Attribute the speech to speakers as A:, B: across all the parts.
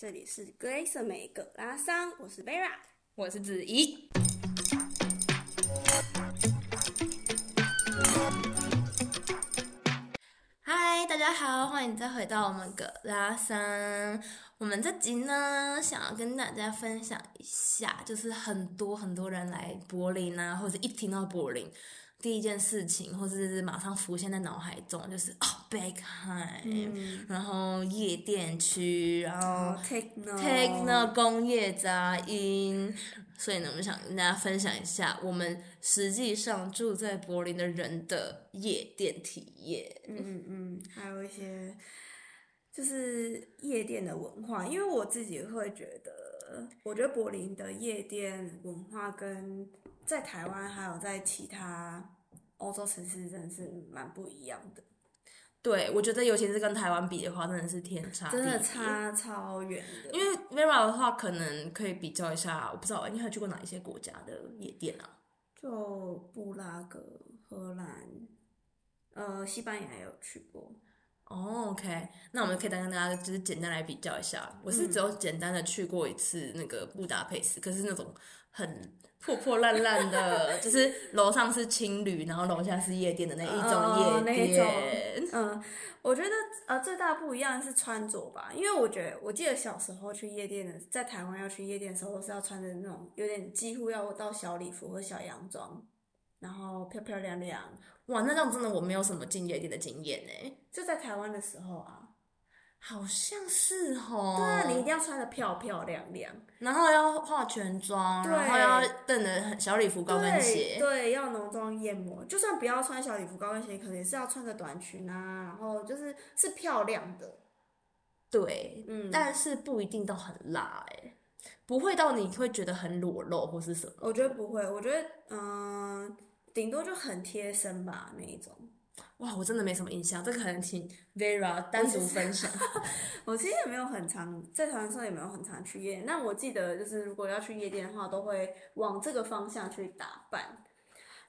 A: 這裡是 Grace 美葛拉桑，我是 Bera，我是子怡。
B: 嗨，大家好，歡迎再回到我們的葛拉桑。我們這集呢，想要跟大家分享一下，就是很多很多人來柏林啊，或者一聽到柏林。第一件事情，或者是，是馬上浮現在腦海中，就是哦 Berghain 然後夜店區，然
A: 後、oh, techno, techno
B: 工業雜音，嗯、所以呢，我們想跟大家分享一下我們實際上住在柏林的人的夜店體
A: 驗。嗯嗯，還有一些就是夜店的文化，因為我自己會覺得，我覺得柏林的夜店文化跟在台灣還有在其他。歐洲城市真的是蠻不一樣的，
B: 對，我覺得尤其是跟台灣比的話，真的是天差，真的差
A: 超遠。
B: 因為 Vera 的話，可能可以比較一下，我不知道，你還去過哪一些國家的夜店啊？
A: 就布拉格、荷蘭，呃，西班牙也有去過。哦、
B: oh, OK，那我們可以再跟大家就是簡單來比較一下。我是只有簡單的去過一次那個布達佩斯，嗯、可是那種很。破破爛爛的， 就是樓上是青旅，然後樓下是夜店的那一種夜店。嗯，那一
A: 種嗯，我覺得呃，最大不一樣的是穿着吧，因為我覺得我記得小時候去夜店的，在台灣要去夜店的時候，我是要穿著那種有點幾乎要到小禮服和小洋裝，然後漂漂亮亮。哇，那這樣真的我沒有什麼進夜店的經驗呢、欸，就在台灣的時候啊。好像是哦，對啊，你一定要穿得漂漂亮亮，
B: 然後要化全妝，對然後要瞪着小禮服高跟鞋，
A: 對，對，要濃妝艷抹。就算不要穿小禮服高跟鞋，可能也是要穿個短裙啊，然後就是是漂亮的，
B: 對，嗯，但是不一定都很辣哎、欸，不會到你會覺得很裸露或是什麼？
A: 我覺得不會，我覺得嗯、呃，頂多就很貼身吧那一種。哇，
B: 我真的沒什麼印象，這個可能請
A: Vera 單獨分享。我其實也沒有很常，在台灣上也沒有很常去夜店。那我記得就是如果要去夜店的話，都會往這個方向去打扮。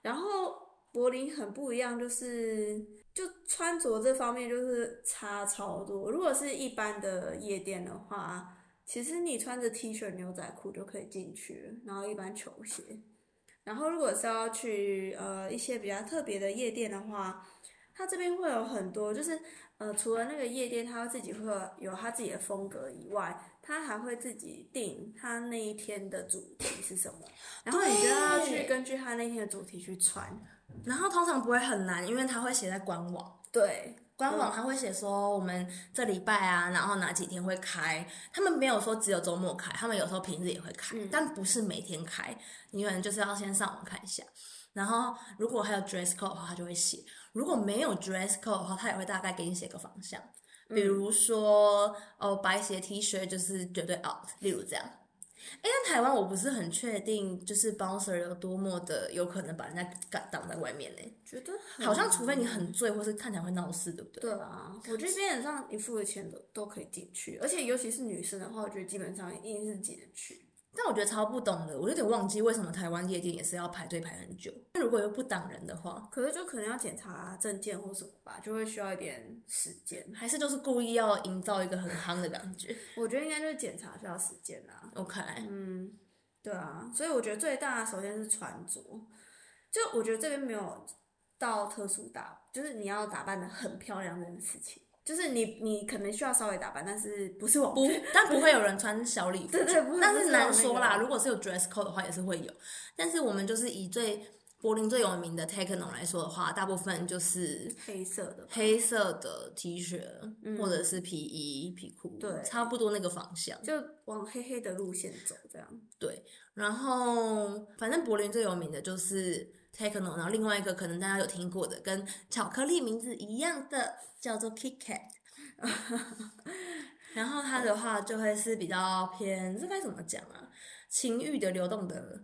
A: 然後柏林很不一樣，就是，就是就穿着這方面就是差超多。如果是一般的夜店的話，其實你穿着 T 恤、牛仔褲就可以進去，然後一般球鞋。然後如果是要去呃一些比較特別的夜店的話，他這邊會有很多，就是，呃，除了那個夜店，他會自己會有他自己的風格以外，他還會自己定他那一天的主題是什麼，對然後你覺得要去根據他那天的主題去穿，
B: 然後通常不會很難，因為他會寫在官網，對，官網他會寫說我們這禮拜啊，然後哪幾天會開，他們沒有說只有周末開，他們有時候平日也會開，嗯、但不是每天開，你可能就是要先上網看一下，然後如果還有 dress code 的話，他就會寫。如果沒有 dress code 的話，他也會大概給你寫個方向，比如說，嗯、哦，白鞋 T 恤，就是絕對 out。例如這樣。哎、欸，但台灣我不是很確定，就是 bouncer 有多麼的有可能把人家擋擋在外面呢？覺
A: 得好像除非你很
B: 醉，或是看起來會鬧事，對不
A: 對？對啊，我覺得基本上你付了錢都都可以進去，而且尤其是女生的話，我覺得基本上一定是進得去。
B: 但我覺得超不懂的，我有點忘記為什麼台灣夜店也是要排隊排很久？那如果又不擋
A: 人的話，可是就可能要檢查證件或什麼吧，就會需要一點時間。還是就是
B: 故意要營造一個很夯的感覺？
A: 嗯、我覺得應該就是檢查需要時間啦、啊。OK，嗯，對啊，所以我覺得最大的首先是穿着，就我覺得這邊沒有到特殊打扮，就是你要打扮的很漂亮這件事情。就是你，你可能需要稍微打扮，但是不是我不，但不會有人穿小禮服。 對，對對，不是，但是難說啦，如果是有 dress code 的話，也是會有。但
B: 是我們就是以最、嗯、柏林最有名的 techno 來說的話，大部分就是黑色的黑色的 T 恤，或者是皮衣、嗯、皮褲，對，差不多那個方向，
A: 就往黑黑的路線走，這樣。
B: 對，然後反正柏林最有名的就是。Techno 然後另外一個可能大家有聽過的，跟巧克力名字一樣的叫做 KitKat， 然後它的話就會是比較偏，嗯、這該怎麼講啊？情慾的流動的，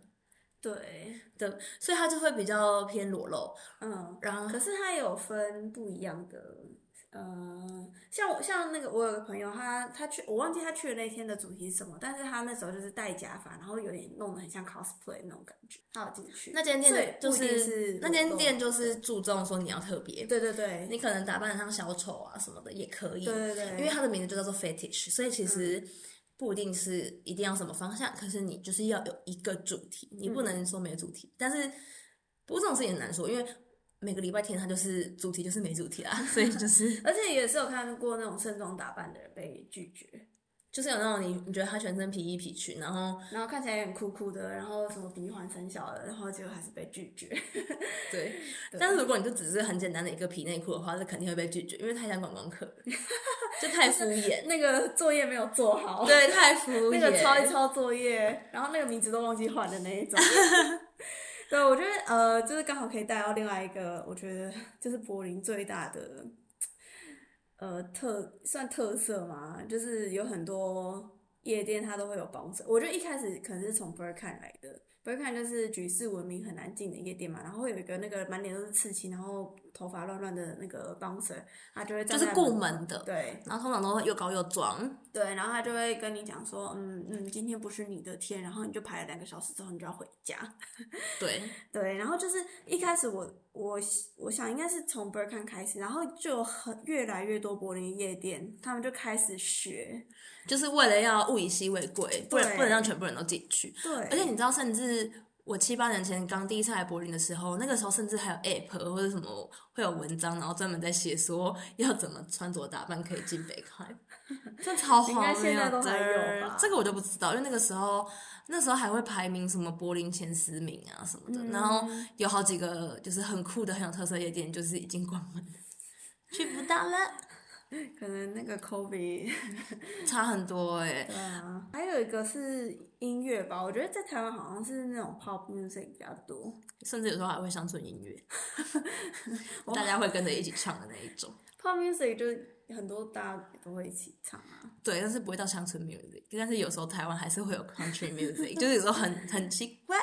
A: 對的，所以它就會比較偏裸露，嗯，然後可是它有分不一樣的。嗯、呃，像我像那個，我有個朋友，他他去，我忘記他去的那天的主題是什麼，但是他那時候就是戴假髮，然後有點弄得很像 cosplay 那種感覺，他有進去。那間店就是，
B: 是那間店就是注重說你要特別，對對對，對，你可能打扮得像小丑啊什麼的也可以，對對對，因為他的名字就叫做 fetish，所以其實不一定是一定要什麼方向，嗯、可是你就是要有一個主題，你不能說沒有主題，嗯、但是不過這種事情很難說，因為。每個禮拜天，他就是主題就是沒主題啦，所
A: 以就是， 而且也是有看過那種盛裝打扮的人被拒絕，就
B: 是有那種你你覺得他全身皮衣皮裙，然後
A: 然後看起來很酷酷的，然後什麼鼻環很小的，然後結果還是被拒絕。
B: 對，對但是如果你就只是很簡單的一個皮內褲的話，是肯定會被拒絕，因為太想廣告課，
A: 就太敷衍。 那個作業沒有做好，對，太敷衍， 那個抄一抄作業，然後那個名字都忘記換的那一種。 對，我覺得呃，就是剛好可以帶到另外一個，我覺得就是柏林最大的，呃，特算特色嘛，就是有很多夜店，它都會有保鏢。我覺得一開始可能是從 Berghain 來的，嗯，Berghain 就是舉世聞名很難進的夜店嘛，然後會有一個那個滿臉都是刺青，然後。頭髮亂亂的那個 bouncer，他就會在就是顧門的，對。然後通常都會又高又壯，對。然後他就會跟你講說，嗯嗯，今天不是你的天，然後你就排了兩個小時之後，你就要回家。對 對。然後就是一開始我我我想應該是從 Berghain 開始，然後就很越來越多柏林夜店，他們就開始學，就是為了要物以稀為貴，不不能對讓全部人都進去。對。而
B: 且你知道，甚至。我七八年前剛第一次來柏林的時候，那個時候甚至還有 app 或者什麼會有文章，然後專門在寫說要怎麼穿着打扮可以進 Berghain。e 這
A: 真超好，應該現在都還有吧？這
B: 個我就不知道，因為那個時候那時候還會排名什麼柏林前十名啊什麼的，嗯、然後有好幾個就是很酷的很有特色夜店，就是已經關門，了，
A: 去不到了。可能那個 COVID 差很多哎、欸。對啊，還有一個是音樂吧，我覺得在台灣好像是那種 pop music 比較多，
B: 甚至有時候還會鄉村音樂， 大家會跟着一起唱的那一種。
A: pop music 就很多，大家都會一起唱啊。
B: 對，但是不會到鄉村 music，但是有時候台灣還是會有 country music， 就是有時候很很奇怪。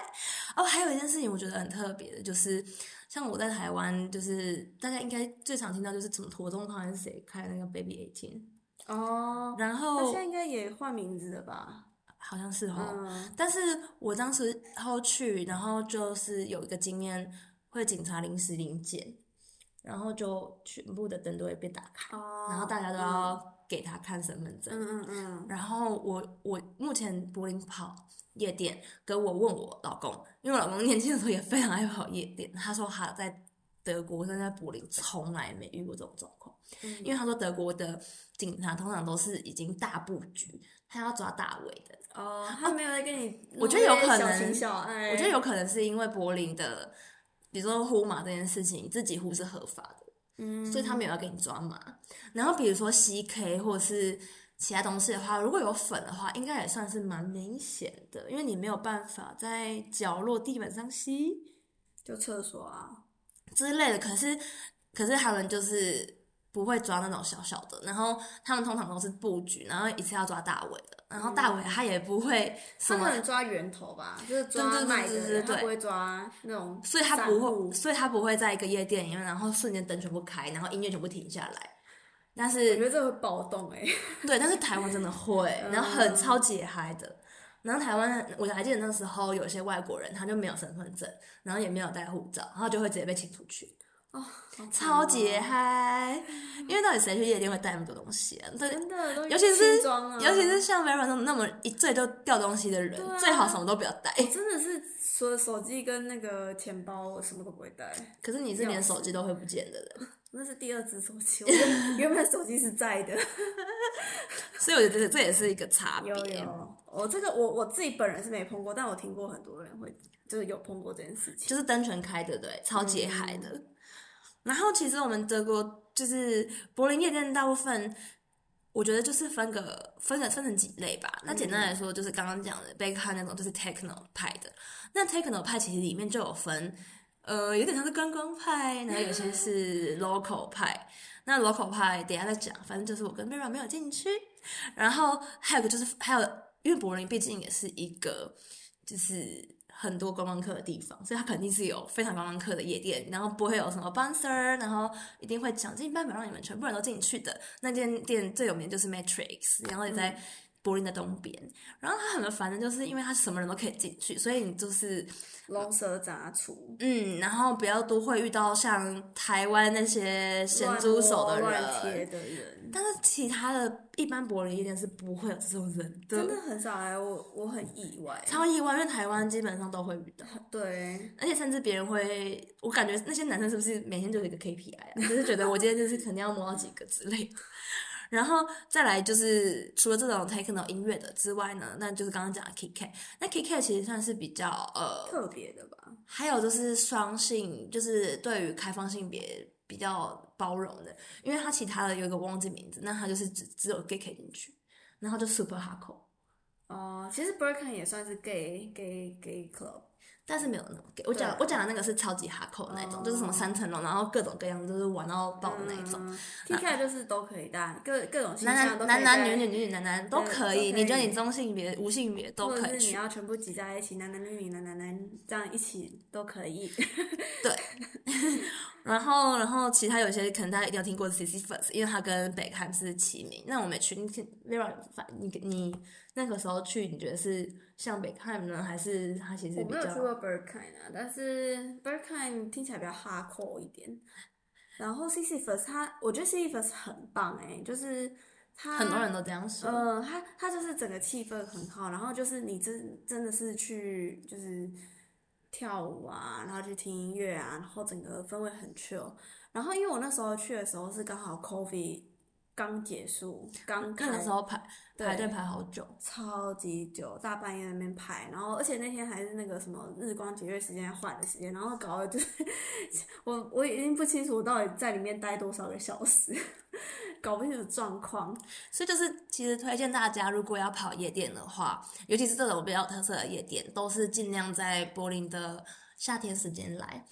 B: 哦，還有一件事情我覺得很特別的，就是。像我在台灣，就是大家應該最常聽到就是什麼庹宗康還是誰開那個 Baby 18、oh, 1 t e
A: 哦，然後他現在應該也換名字了吧？
B: 好像是哦、嗯、但是我當時後去，然後就是有一個經驗會警察臨時臨檢，然後就全部的燈都會被打
A: 開，oh, 然後大
B: 家都要給他看身份證，嗯嗯嗯，然後我我目前柏林跑夜店，跟我問我老公，因為我老公年輕的時候也非常愛跑夜店。他說他在德國，他在柏林從來沒遇過這種狀況，嗯、因為他說德國的警察通常都是已經大布局，他要抓大尾的。
A: 哦，他沒有在跟你，啊、okay, 我覺得有可能，小情小愛，我覺得有可能
B: 是因為柏林的，比如說呼麻這件事情，自己呼是合法的，嗯，
A: 所以他沒有
B: 要給你抓嘛。然後比如說 CK 或者是。其他東西的話，如果有粉的話，應該也算是蠻明顯的，因為你沒有辦法在角落、地板上吸，就廁所啊之類的。可是，可是他們就是不會抓那種小小的，然後他們通常都是布局，然後一次要抓大尾的，
A: 然後大尾
B: 他也不會，嗯、什麼？他們抓源頭吧，就是抓賣的，他不會
A: 抓那種，所以他
B: 不會，所以他不會在一個夜店裡面，然後瞬間燈全部開，然後音樂全部停下來。但是我覺得這個會暴動哎、欸，對，但是台灣真的會，欸、然後很、嗯、超級嗨的。然後台灣我還記得那時候有些外國人，他就沒有身份證，然後也沒有帶護照，然後就會直接被請出去。哦，
A: 喔、超級嗨！
B: 因為到底誰去夜店會帶那麼多東西啊？真
A: 的，尤其是尤其是
B: 像 Vera 那種那麼一醉都掉東西的人，啊、最好什麼都不要
A: 帶。我真的是除了手機跟那個錢包，我什麼都不會帶。欸、
B: 可是你是連手機都會不見的人。
A: 那是第二隻手機，我原本手機是在的， 所以我覺得這也是一個差別。有有，我、哦、這個我我自己本人是沒碰過，但我聽過很多人會就是有碰過這件事情，就是單純開的對，超級嗨的。嗯、然後其實我們德國
B: 就是柏林夜店大部分，我覺得就是分個分了分成幾類吧。嗯、那簡單來說，就是剛剛講的貝克那種就是 techno 派的，那 techno 派其實裡面就有分。呃，有點像是觀光派，然後有些是 local 派。嗯、那 local 派，等一下再講。反正就是我跟 Mira 沒有進去。然後還有個就是，還有因為柏林畢竟也是一個就是很多觀光客的地方，所以它肯定是有非常觀光客的夜店，然後不會有什麼 bouncer，然後一定會想盡辦法讓你們全部人都進去的。那間店最有名就是 Matrix，然後也在。嗯柏林的東邊，然後他很煩的，就是因為他什麼人都可以進去，所以你就是龍蛇雜處，嗯，然後比較多會遇到像台灣那些鹹豬手的人，亂貼的人。但是其他的一般柏林夜店是不會有這種人的，
A: 真的很少哎、欸，我我很意外，超
B: 意外，因為台灣基本上都會遇到，對，而且甚至別人會，我感覺那些男生是不是每天就有一個 KPI 啊？就是覺得我今天就是肯定要摸到幾個之類的。然後再來就是除了這種 techno 音樂的之外呢，那就是剛剛講的 KitKat。那 KitKat 其實算是比較呃特別的吧。還有就是雙性，就是對於開放性別比較包容的，因為它其他的有一個忘記名字，那它就是只只有 gay 進去，然後就 super hardcore。
A: 哦、呃，其實 Berghain 也算是 gay gay gay club。
B: 但是沒有那麼，給我講，我講對的那個是超級哈扣的那種，嗯、就是什麼三層樓，然後各種各樣，就是玩到爆的那一種。嗯、
A: TikTok 就是都可以的、啊，大家那各各種形象都可以。男男男男女女女女男
B: 男都可以。對你覺得你中性別對無性別都可以。或者是你要
A: 全部擠在一起，男男女女男男男，男這樣一起都可以。 對。
B: 然後，然後其他有些可能大家一定要聽過 Sisyphos，因為它跟 Berghain 是齊名。那我沒去，你 v e r 反你你那個時候去，你覺得是像 Berghain 呢，還是它其實比較？我沒有去過
A: Berghain 但是 Berghain 聽起來比較 hardcore 一點。然後 Sisyphos，它我覺得 Sisyphos 很棒誒、欸，就是它很多人都這樣說。嗯、呃，它它就是整個氣氛很好，然後就是你真真的是去就是。跳舞啊，然後去聽音樂啊，然後整個氛圍很 chill。然後因為我那時候去的時候是剛好 COVID。剛結束，剛看的時候排排隊對排好久，超級久，大半夜在那邊排，然後而且那天還是那個什麼日光節約時間換的時間，然後搞得就是我我已經不清楚我到底在裡面待多少個小時，搞不清楚狀況，所以就是其實推薦大家如果要
B: 跑夜店的話，尤其是這種比較有特色的夜店，都是盡量在柏林的夏天時間來。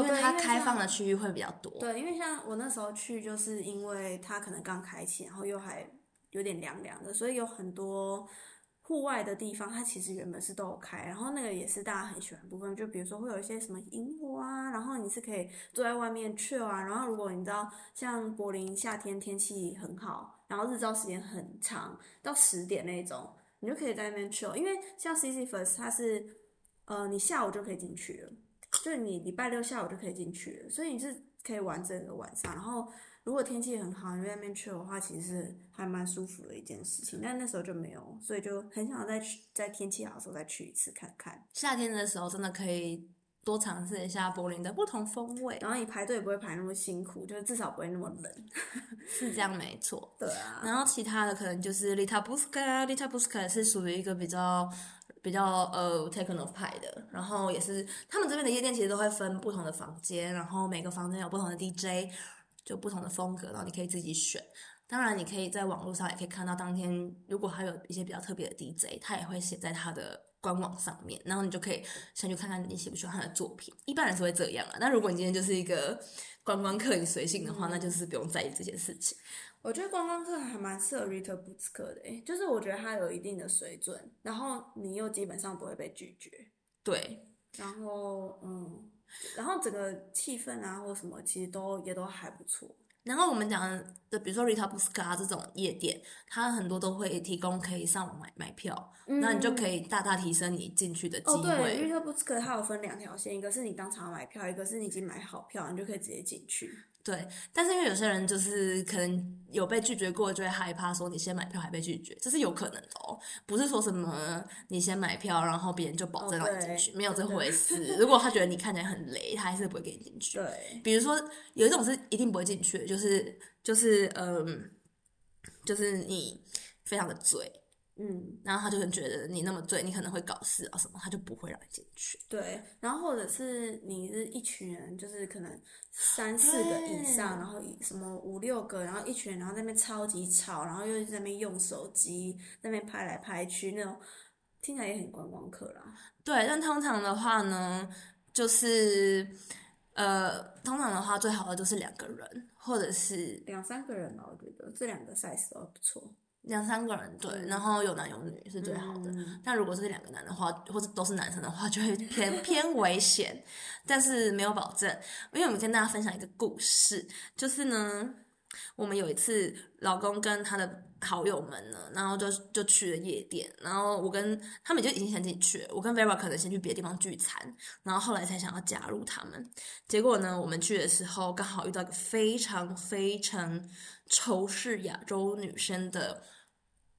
A: 因為它開放的區
B: 域會比較多。哦、對，
A: 因為像我那時候去，就是因為它可能剛開啟，然後又還有點涼涼的，所以有很多戶外的地方，它其實原本是都有開。然後那個也是大家很喜歡的部分，就比如說會有一些什麼櫻花，然後你是可以坐在外面 chill 啊。然後如果你知道像柏林夏天天氣很好，然後日照時間很長，到十點那一種，你就可以在那邊 chill。因為像 Sisyphos，它是呃你下午就可以進去了。就你禮拜六下午就可以進去了，所以你是可以玩整個晚上。然後如果天氣很好，你在那邊去的話，其實還蠻舒服的一件事情。但那時候就沒有，所以就很想再去，在天氣好的時候再去一次看看。
B: 夏天的時候真的可以多嘗試一下柏林的不同風味，然後你排隊也不會排那麼辛苦，就是至少不會那麼冷。 是這樣沒，沒錯。對啊。然後其他的可能就是麗塔布斯克，麗塔布斯克是屬於一個比較。比較呃、uh, techno 派的，然後也是他們這邊的夜店其實都會分不同的房間，然後每個房間有不同的 DJ，就不同的風格，然後你可以自己選。當然，你可以在網絡上也可以看到當天如果他有一些比較特別的 DJ，他也會寫在他的官網上面，然後你就可以先去看看你喜不喜歡他的作品。一般人是會這樣啊。那如果你今天就是一個觀光客，你隨性的話，那就是不用在意這些事情。
A: 我覺得觀光客還蠻適合 Ritter Butzke 的。欸，就是我覺得它有一定的水準，然後你又基本上不會被拒絕。對，然後嗯，然後整個氣氛啊或什麼，其實都也都還不錯。然
B: 後我們講的，比如說 Ritter Butzke 啊這種夜店，它很多都會提供可以上網買買票，嗯、那你就可以大大提升你進去的機會。哦、對
A: ，Ritter Butzke 它有分兩條線，一個是你當場買票，一個是你已經買好票，你就可以直接進去。
B: 對，但是因為有些人就是可能有被拒絕過，就會害怕說你先買票還被拒絕，這是有可能的哦，不是說什麼你先買票，然後別人就保證讓你進去，Okay, 沒有這回事。對對對對，如果他覺得你看起來很雷，他還是不會給你進去。對，比如說有一種是一定不會進去的，就是就是嗯，就是你非常的醉。嗯，然後他就會覺得你那麼醉，你可能會搞事啊什麼，他就不會讓你進去。
A: 對，然後或者是你是一群人，就是可能三四個以上，對然後什麼五六個，然後一群人，然後在那邊超級吵，然後又在那邊用手機，在那邊拍來拍去那種，聽起來也很觀光客啦。
B: 對，但通常的話呢，就是呃，通常的話最好的都是兩個人，或者是
A: 兩三個人吧、啊。我覺得這兩個 size 都還不錯。兩三個人對，然後有男有
B: 女是最好的。嗯、但如果是兩個男的話，或者都是男生的話，就會偏偏危險， 但是沒有保證。因為我們今天跟大家分享一個故事，就是呢，我們有一次老公跟他的。好友們呢，然後就就去了夜店，然後我跟他們就已經想自己去，我跟 Vera 可能先去別的地方聚餐，然後後來才想要加入他們。結果呢，我們去的時候剛好遇到一個非常非常仇視亞洲女生的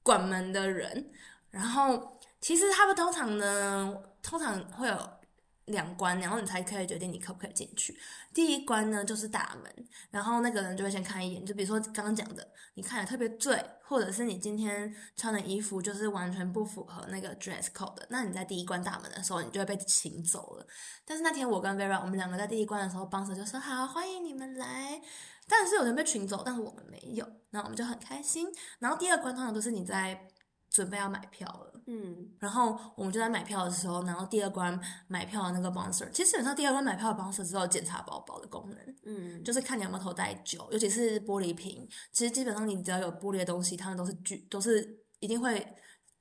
B: 管門的人，然後其實他們通常呢，通常會有。兩關，然後你才可以決定你可不可以進去。第一關呢，就是大門，然後那個人就會先看一眼，就比如說剛剛講的，你看的特別醉，或者是你今天穿的衣服就是完全不符合那個 dress code 的，那你在第一關大門的時候，你就會被請走了。但是那天我跟 Vera 我們兩個在第一關的時候，bouncer 就說好，歡迎你們來，但是有人被請走，但是我們沒有，那我們就很開心。然後第二關通常都是你在。準備要買票了，嗯，然後我們就在買票的時候，然後第二關買票的那個 Bouncer，其實基本上第二關買票的 Bouncer 只有檢查包包的功能，嗯，就是看你有沒有偷帶酒，尤其是玻璃瓶。其實基本上你只要有玻璃的東西，他們都是拒，都是一定會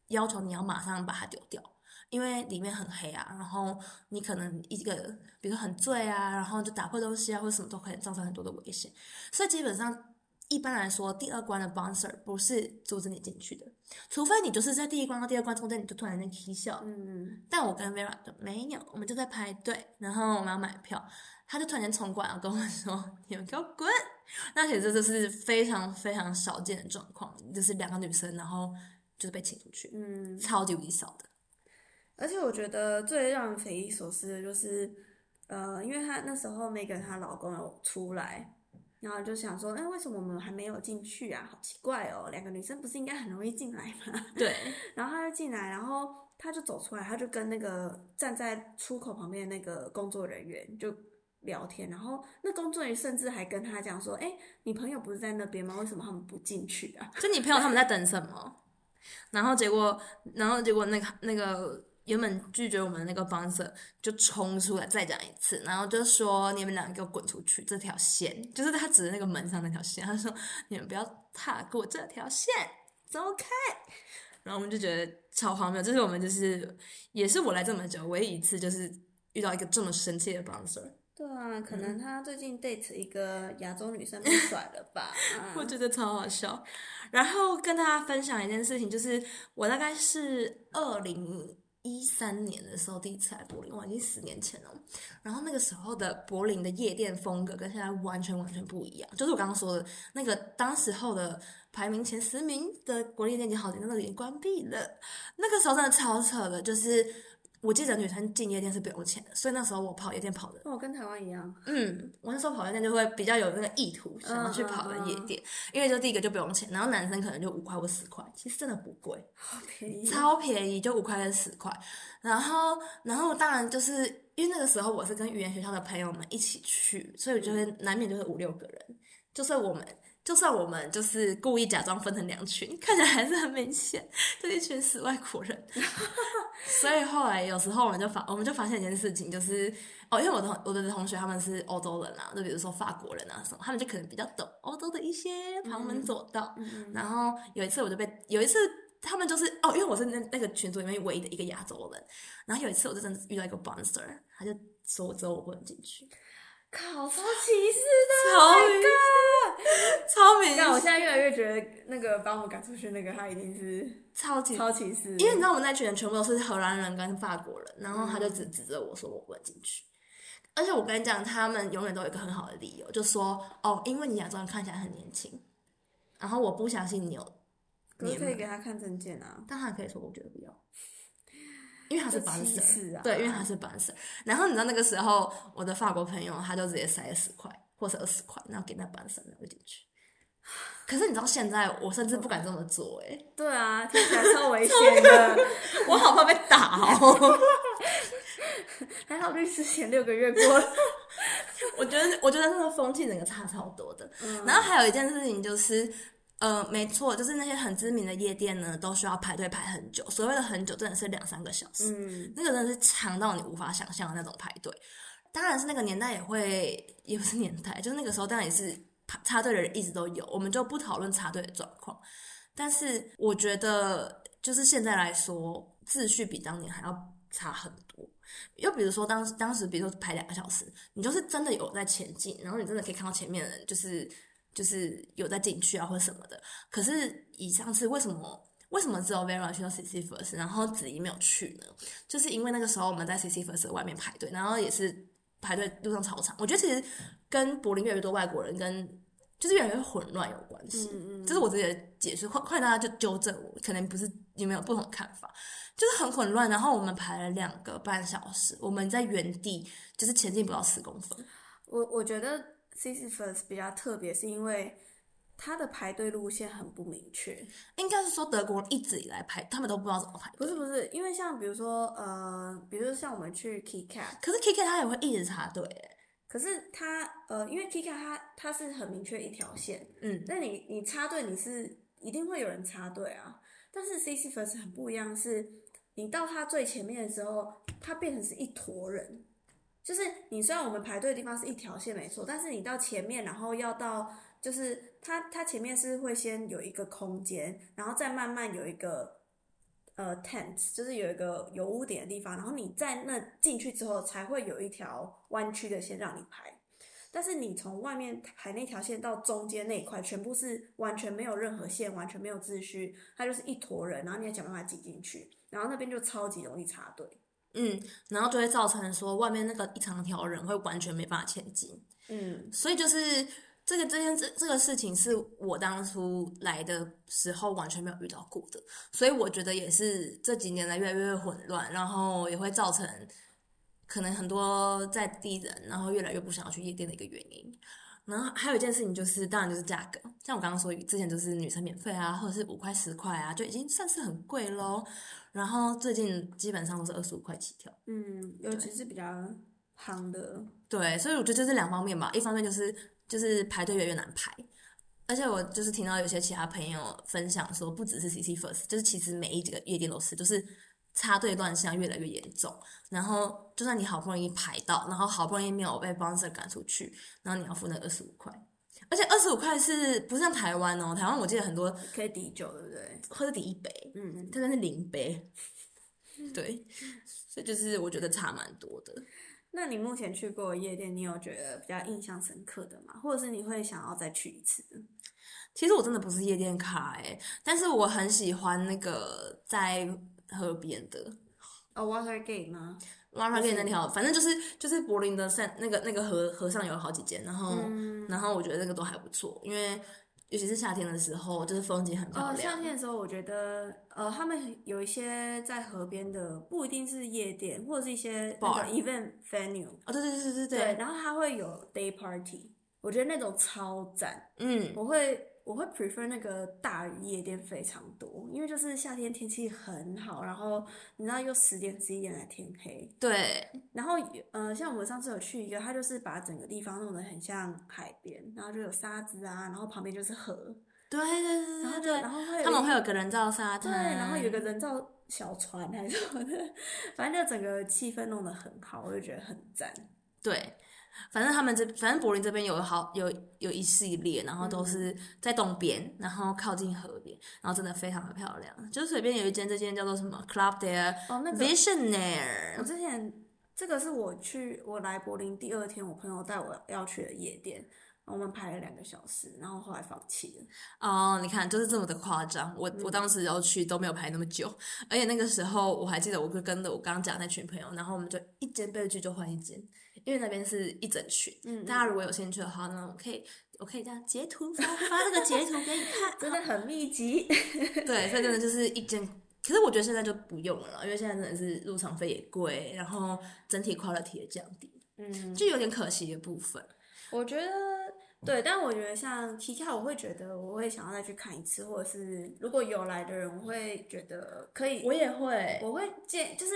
B: 要求你要馬上把它丟掉，因為裡面很黑啊。然後你可能一個，比如說很醉啊，然後就打破東西啊，或者什麼都可以造成很多的危險，所以基本上。一般來說，第二關的 bouncer 不是阻止你進去的，除非你就是在第一關到第二關中間，你就突然間開笑。嗯，但我跟 Vera 就沒有，我們就在排隊，然後我們要買票，他就突然間衝過來跟我說：“你們給我滾！”那其實這是非常非常少見的狀況，就是兩個女生，然後就是被請出去，
A: 嗯，超級無敵少的。而且我覺得最讓人匪夷所思的就是，呃，因為她那時候沒跟她老公有出來。然後就想說，哎、欸，為什麼我們還沒有進去啊？好奇怪哦！兩個女生不是應該很容易進來嗎？對。然後她就進來，然後她就走出來，她就跟那個站在出口旁邊那個工作人員就聊天。然後那工作人員甚至還跟她講說，哎、欸，你朋友不是在那邊嗎？為什麼他們不進去啊？
B: 就你朋友他們在等什麼？ 然後結果，然後結果那個那個。原本拒絕我們的那個 bouncer 就衝出來再講一次，然後就說：“你們兩個給我滾出去！這條線就是他指的那個門上那條線，他說：‘你們不要踏過這條線，走開。’然後我們就覺得超荒謬。這是我們就是也是我來這麼久唯一一次就是遇到一個這麼神奇的 bouncer。
A: 對啊，可能他最近 date 一個亞洲女生被甩了吧？ 我覺
B: 得超好笑。嗯、然後跟大家分享一件事情，就是我大概是二零一三年的時候，第一次來柏林，我已經十年前了。然後那個時候的柏林的夜店風格跟現在完全完全不一樣。就是我剛剛說的那個，當時候的排名前十名的國夜店，已經好幾間都已經關閉了。那個時候真的超扯的，就是。我記得女生進夜店是不用錢的，所以那時候我跑夜店跑的。
A: 我、哦、跟台灣一樣。
B: 嗯，我那時候跑夜店就會比較有那個意圖，想要去跑的夜店，uh, uh, uh, 因為就第一個就不用錢，然後男生可能就五塊或十塊，其實真的不貴，
A: 超便
B: 宜，超便宜，就五塊或十塊。然後，然後當然就是因為那個時候我是跟語言學校的朋友們一起去，所以我就會難免就是五六個人，就是我們。就算我們就是故意假裝分成兩群，看起來還是很明顯，這一群是外國人。 所以後來有時候我們就發，我們就發現一件事情，就是哦，因為我的我的同學他們是歐洲人啊，就比如說法國人啊什麼，他們就可能比較懂歐洲的一些旁門左道。嗯、然後有一次我就被，有一次他們就是哦，因為我是那那個群組裡面唯一的一個亞洲人，然後有一次我就真的遇到一個 bouncer，他就說
A: 只有我不能進去。好超歧視的，超敏感。我現在越來越覺得，那個把我趕出去那個他一定是超超歧
B: 視。因為你知道，我們那群人全部都是荷蘭人跟法國人，然後他就指指着我說我不能進去。嗯、而且我跟你講，他們永遠都有一個很好的理由，就說哦、喔，因為你亞洲人看起來很年輕，然後我不相信你有。
A: 你可,可以給他看證件啊，但他可以說我覺得不要。
B: 因為他是板神，啊、對，因為他是板神。然後你知道那個時候，我的法國朋友他就直接塞十塊或是二十塊，然後給那板神，然後進去。可是你知道現在，我甚至不敢這麼做、欸，哎、嗯。
A: 對啊，聽起來超危險的， 我
B: 好怕被打哦、喔。
A: 還好律師前六
B: 個月過 我覺得，我覺得那個風氣整個差超多的。嗯、然後還有一件事情就是。呃，沒錯，就是那些很知名的夜店呢，都需要排隊排很久。所謂的很久，真的是兩三個小時，嗯，那個真的是長到你無法想象的那種排隊。當然是那個年代也會，也不是年代，就是那個時候，當然也是插隊的人一直都有。我們就不討論插隊的狀況。但是我覺得，就是現在來說，秩序比當年還要差很多。又比如說當時，當當時比如說排兩個小時，你就是真的有在前進，然後你真的可以看到前面的人，就是。就是有在進去啊，或什麼的。可是以上次為什麼為什麼只有 Vera 去到 CC First，然後子怡沒有去呢？就是因為那個時候我們在 CC First 外面排隊，然後也是排隊路上超長。我覺得其實跟柏林越來越多外國人跟，跟就是越來越混亂有關係。嗯，嗯嗯。這是我自己的解釋，快快大家就糾正我，可能不是，你們有不同的看法，就是很混亂。然後我們排了兩個半小時，我們在原地就是前進不到十公分。
A: 我我覺得。Sisyphus 比較特別，是因為它的排隊路線很不明確。應該是說德國一直以來排，他們都不知道怎麼排。不是不是，因為像比如說呃，比如說像我們去 KitKat，可是 KitKat 他也會一直插隊。可是他呃，因為 KitKat 他他是很明確一條線，嗯，那你你插隊你是一定會有人插隊啊。但是 Sisyphus 很不一樣，是你到他最前面的時候，他變成是一坨人。就是你雖然我們排隊的地方是一條線沒錯，但是你到前面，然後要到就是它它前面是會先有一個空間，然後再慢慢有一個呃 tent，就是有一個有屋頂的地方，然後你在那進去之後才會有一條彎曲的線讓你排，但是你從外面排那條線到中間那一塊，全部是完全沒有任何線，完全沒有秩序，它就是一坨人，然後你要想辦法擠進去，然後那邊就超級容易插隊。
B: 嗯，然後就會造成說外面那個一長條人會完全沒辦法前進。嗯，所以就是這個這件、個、這這個事情是我當初來的時候完全沒有遇到過的，所以我覺得也是這幾年來越來越混亂，然後也會造成可能很多在地人，然後越來越不想要去夜店的一個原因。然後還有一件事情就是，當然就是價格，像我剛剛說之前就是女生免費啊，或者是五塊十塊啊，就已經算是很貴咯。然後最近基本上都是二十五塊起跳，嗯，對
A: 尤其是比較行的，
B: 對，所以我覺得就是兩方面吧，一方面就是就是排隊越來越難排，而且我就是聽到有些其他朋友分享說，不只是 CC First，就是其實每一幾個夜店都是，就是插隊亂象越來越嚴重，然後就算你好不容易排到，然後好不容易沒有被 bouncer 趕出去，然後你要付那二十五塊。而且二十五塊是不是像台灣哦、喔？台灣我記得很多可以抵酒，對不對？或者抵一杯，嗯，特別是零杯，對， 所以就是我覺得差蠻多的。
A: 那你目前去過夜店，你有覺得比較印象深刻的嗎？或者是你會想要再去一次？
B: 其實我真的不是夜店咖哎、欸，但是我很喜歡那個在河邊的，
A: 哦、oh,，Watergate 嗎？瓦拉根那條，嗯、反正就是
B: 就是柏林的山，那個，那個那個河河上有好幾間，然後、嗯、然後我覺得那個都還不錯，因為尤其是夏天的時候，就是風景很漂亮。夏天，
A: 哦、的時候，我覺得呃，他們有一些在河邊的，不一定是夜店，或者是一些 event venue Bar。哦，對對對對對對。對，然後它會有 day party，我覺得那種超讚。嗯，我會。我會 prefer 那個大雨夜店非常多，因為就是夏天天氣很好，然後你知道又十點十一點才天黑。對。然後，呃，像我們上次有去一個，他就是把整個地方弄得很像海邊，然後就有沙子啊，然後旁邊就是河。對
B: 對對對。然後他他們會有個
A: 人造沙灘，對，然後有個人造小船還是什麼的，反正就整個氣氛弄得很好，我就覺得很讚。
B: 對。反正他們這，反正柏林這邊有好有有一系列，然後都是在東邊，然後靠近河邊，然後真的非常的漂亮。就是隨便有一間，這間叫做什麼 Club der Visionaire。哦，那個。我之
A: 前這個是我去，我來柏林第二天，我朋友帶我要去的夜店，然後我們排了兩個小時，然後後來放棄
B: 了。哦，你看，就是這麼的誇張。我、嗯、我當時要去都沒有排那麼久，而且那個時候我還記得，我就跟着我剛剛講那群朋友，然後我們就一間被拒就換一間。因為那邊是一整群，嗯，大家如果有興趣的話，那我可以，我可以這樣截圖，然後發這個截圖給你看， 真的很密集。 對，所以真的就是一間，可是我覺得現在就不用了，因為現在真的是入場費也貴，然後整體 quality 也降低，嗯，就有點可惜的部分。
A: 我覺得，對，但我覺得像七巧，我會覺得我會想要再去看一次，或者是如果有來的人，我會覺得可以，我也會，我會建，就是，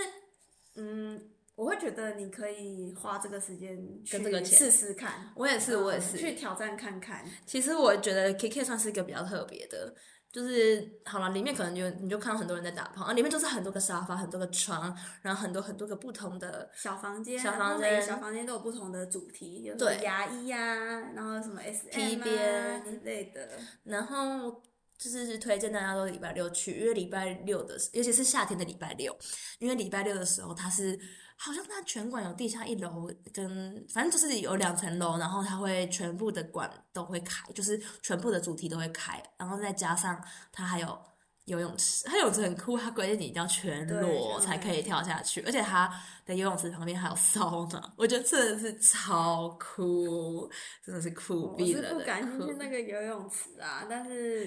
A: 嗯。我會覺得你可以花這個時間去跟這個錢試試看，我也是，嗯、我也是去挑戰看看。
B: 其實我覺得 K K 算是一個比較特別的，就是好了，裡面可能就你就看到很多人在打炮啊，裡面都是很多個沙發、很多個床，然後很多很多個不同的小房間，小房間、啊、小
A: 房間都有不同的主題，有什麼牙醫啊，對然後什麼、啊、S P
B: 啊之、嗯、類的。然後就是推薦大家都禮拜六去，因為禮拜六的，尤其是夏天的禮拜六，因為禮拜六的時候它是。好像他全館有地下一樓跟，反正就是有兩層樓，然後他會全部的館都會開，就是全部的主題都會開，然後再加上他還有。游泳池，它游泳池很酷，他規定你一定要全裸才可以跳下去，而且他的游泳池旁邊還有 sauna，我覺得真的是超酷，真的是酷斃了的。我是不敢進去那個游泳池啊，但是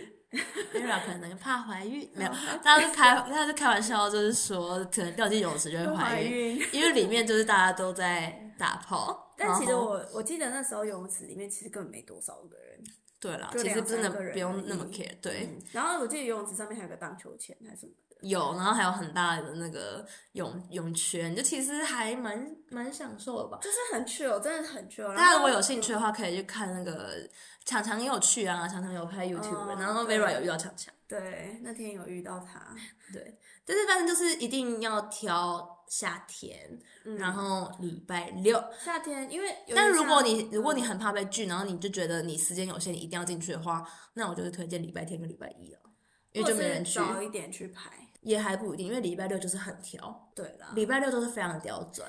B: 因為可能怕懷孕， 沒有，他是開，他是開玩笑，就是說可能掉進游泳池就會懷孕，懷孕 因為裡面就是大家都在打炮，哦。但其實我
A: 後我記得那時候游泳池裡面其實根本沒多少個人。對啦，其實真的不用那麼 care 對。對、嗯，然後我記得游泳池上面還有個盪秋千還是什
B: 麼的。有，然後還有很大的那個泳、嗯、泳圈，就
A: 其實還蠻蠻享受的吧。就是很 chill，真的很 chill。大家如果有興趣的話，
B: 可以去看那個強強也有去啊，強強有拍 YouTube，、哦、然後 Vera 有遇到強強。
A: 對，那天有遇到他。
B: 對， 但是反正就是一定要挑。夏天，然後禮拜六。嗯、夏
A: 天，因為但如果你、嗯、如
B: 果你很怕被拒，然後你就覺得你時間有限，你一定要進去的話，那我就是推薦禮拜天跟禮拜一了，因
A: 為就沒人去。早一點去排
B: 也還不一定，因為禮拜六就是很挑。對啦，禮拜六都是非常的刁鑽。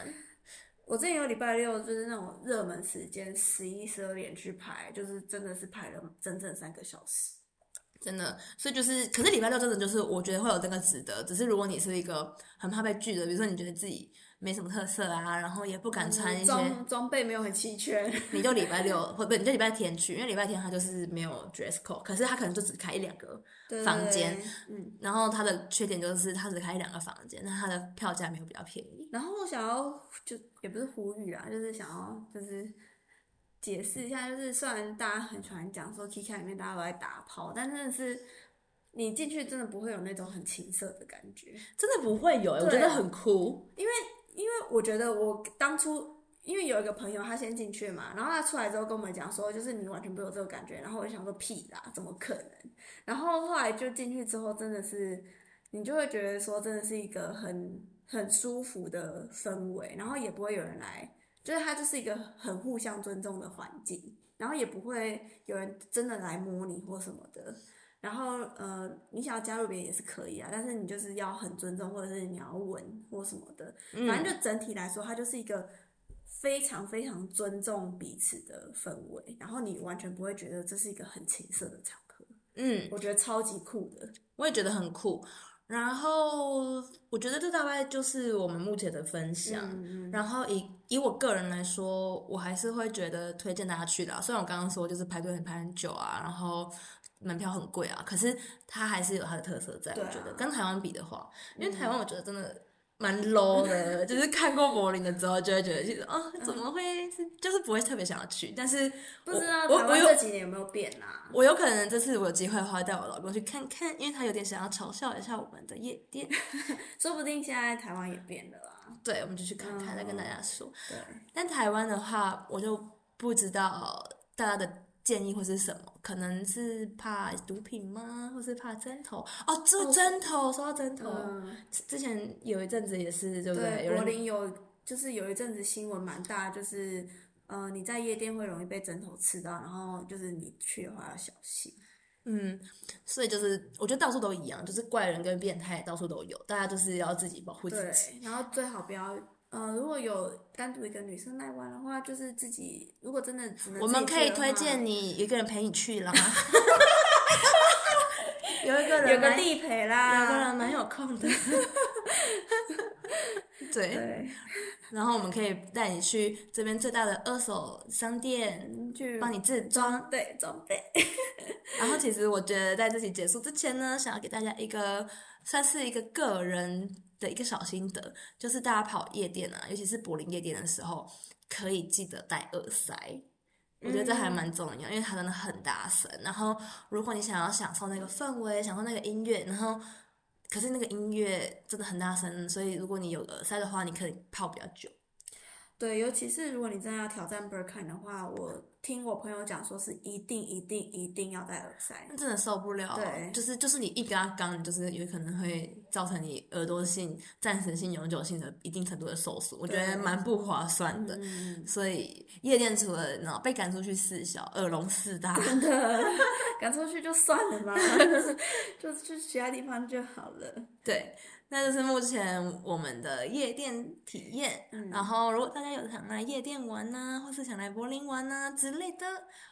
A: 我之前有禮拜六就是那種熱門時間，十一十二點去排，就是真的是排了整整三個小時。
B: 真的，所以就是，可是禮拜六真的就是，我覺得會有這個值得。只是如果你是一個很怕被拒的，比如說你覺得自己沒什麼特色啊，然後也不敢穿一些，裝裝備沒有很齊全，你就禮拜六， 不，你就禮拜天去，因為禮拜天他就是沒有 dress code，可是他可能就只開一兩個房間，嗯對，然後他的缺點就是他只開一兩個房間，那他的票價沒有比較便宜。
A: 然後我想要，就也不是呼籲啊，就是想要，就是。解釋一下，就是雖然大家很喜歡講說 K K 裡面大家都在打炮，但真的是你進去真的不會有那種很情色的感覺，真
B: 的不會有、欸，啊、我覺得很酷。
A: 因為因為我覺得我當初因為有一個朋友他先進去嘛，然後他出來之後跟我們講說，就是你完全沒有這種感覺。然後我就想說屁啦，怎麼可能？然後後來就進去之後，真的是你就會覺得說，真的是一個很很舒服的氛圍，然後也不會有人來。就是它就是一個很互相尊重的環境，然後也不會有人真的來摸你或什麼的。然後呃，你想要加入別人也是可以啊，但是你就是要很尊重，或者是你要穩或什麼的。嗯、反正就整體來說，它就是一個非常非常尊重彼此的氛圍，然後你完全不會覺得這是一個很情色的場合。嗯，我覺得超級酷的，我也覺得很酷。然後
B: 我覺得這大概就是我們目前的分享。嗯嗯嗯、然後以以我個人來說，我還是會覺得推薦大家去的。雖然我剛剛說就是排隊很排很久啊，然後門票很貴啊，可是它還是有它的特色在。啊、我覺得跟台灣比的話，嗯、因為台灣我覺得真的蠻 low 的， 就是看過柏林的之後就會覺得，哦，怎麼會、嗯、是就是不會特別想要去。但是我不知道台灣這幾年有沒有變啊？我，我，有我有可能這次我有機會的話，帶我老公去看看，因為他有點想要嘲笑一下我們的夜店， 說不定現在台灣也變了啦。對，我們就去看看，再跟大家說。嗯、對。但台灣的話，我就不知道大家的建議會是什麼，可能是怕毒品嗎？或是怕針頭？哦，這針頭，哦、說到針頭，嗯、
A: 之前有一陣子也是，對不對？柏對人林有，就是有一陣子新聞蠻大，就是呃，你在夜店會容易被針頭刺到，然後就是你去的話要小心。嗯，所以就是我覺得到處都一樣，就是怪人跟變態到處都有，大家就是
B: 要自己保護自己，對，
A: 然後最好不要，嗯、呃，如果有單獨一個女生來玩的話，就是自己如果真的只能的我們可以推薦
B: 你一個人陪你去啦， 有一個人有個地陪啦，有個人蠻有空的，的， 對。對然後我們可以帶你去這邊最大的二手商店，去、嗯、幫你置裝，對，裝備。裝備 然後其實我覺得在這期結束之前呢，想要給大家一個算是一個個人的一個小心得，就是大家跑夜店啊，尤其是柏林夜店的時候，可以記得帶耳塞。我覺得這還蠻重要，嗯、因為它真的很大聲。然後如果你想要享受那個氛圍，享受那個音樂，然後。可是那個音樂真的很大聲，所以如果你有耳塞的話，你可以泡比較久。
A: 對，尤其是如果你真的要挑戰 Berghain 的話，我聽我朋友講說是一定、一定、一定要戴耳塞，那真的
B: 受不了。對，就是就是你一跟他剛，就是有可能會造成你耳朵性暫時性、永久性的一定程度的受損，對我覺得蠻不划算的。嗯、所以夜店除了被趕出去事小耳聾事大，
A: 的 趕出去就算了吧， 就去其他地方就好了。
B: 對。那就是目前我們的夜店體驗，嗯、然後如果大家有想來夜店玩呢、啊，嗯、或是想來柏林玩呢、啊、之類的，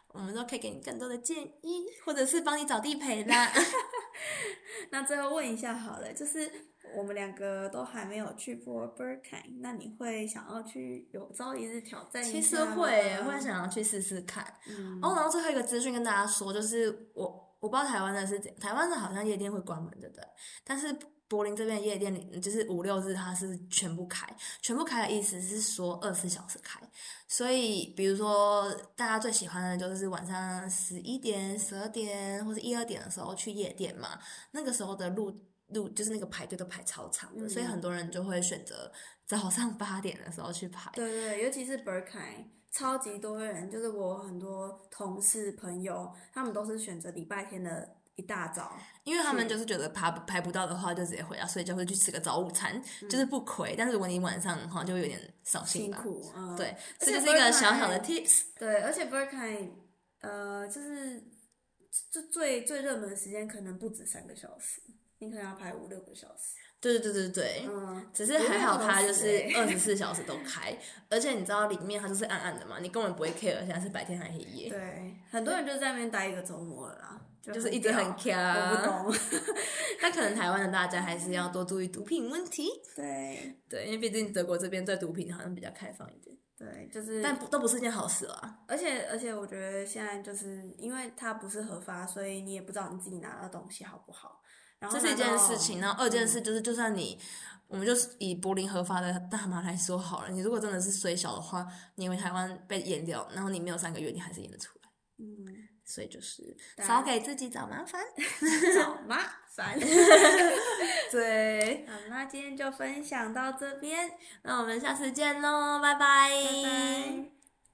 B: 我們都可以給你更多的建議，或者是幫你
A: 找地陪啦。 那最後問一下好了，就是 我們兩個都還沒有去過 Berghain 那你會想要去有朝一日挑戰一嗎？其實會，會想
B: 要去試試看。哦、嗯，然後、oh, 最後一個資訊跟大家說，就是我我不知道台灣的是怎樣，台灣是好像夜店會關門的，的但是。柏林這邊夜店裡，就是五六日它是全部開，全部開的意思是說二十小時開。所以，比如說大家最喜歡的就是晚上十一點、十二點或者一二點的時候去夜店嘛。那個時候的路路就是那個排隊都排超長的，嗯、所以很多人就會選擇早上八點的時候去排。
A: 對對，尤其是 Berghain，超級多的人，就是我很多同事朋友，他們都是選擇禮拜天的。一大早，
B: 因為他們就是覺得排排、嗯、不到的話就直接回家，啊，所以就會去吃個早午餐，嗯、就是不虧。但是如果你晚上的話，就會有點掃興吧。辛苦啊，嗯、對，這就是一個小小的 tips。
A: 對，而且 Berghain 呃，就是就最最熱門的時間可能不止三個小時，你可能要排五六個小時。
B: 對對對對對，嗯、
A: 只是還好它就是二十
B: 四小時都開，對 而且你知道裡面它就是暗暗的嘛，你根本不會 care 現在是白天還是黑夜。
A: 對，很多人就在那邊待一個週末了啦。就，就是一直很卡，
B: 那 可能台灣的大家還是要多注意毒品問題。嗯、對，對，因為畢竟德國這邊對毒品好像比較開放一點。
A: 對，就是，但
B: 都不是件好事啦。
A: 而且而且，我覺得現在就是因為它不是合法，所以你也不知道你自己拿的東西好不好。這是一件事情，然後二件事
B: 就是，就算你，嗯、我們就以柏林合法的大麻來說好了，你如果真的是雖小的話，你以為台灣被淹掉，然後你沒有三個月，你還是驗得出來。嗯。所以就是但，少給自己找麻煩，找 麻煩， 對。好，那今
A: 天就分享到這邊，那我們下次見嘍，拜拜，拜拜。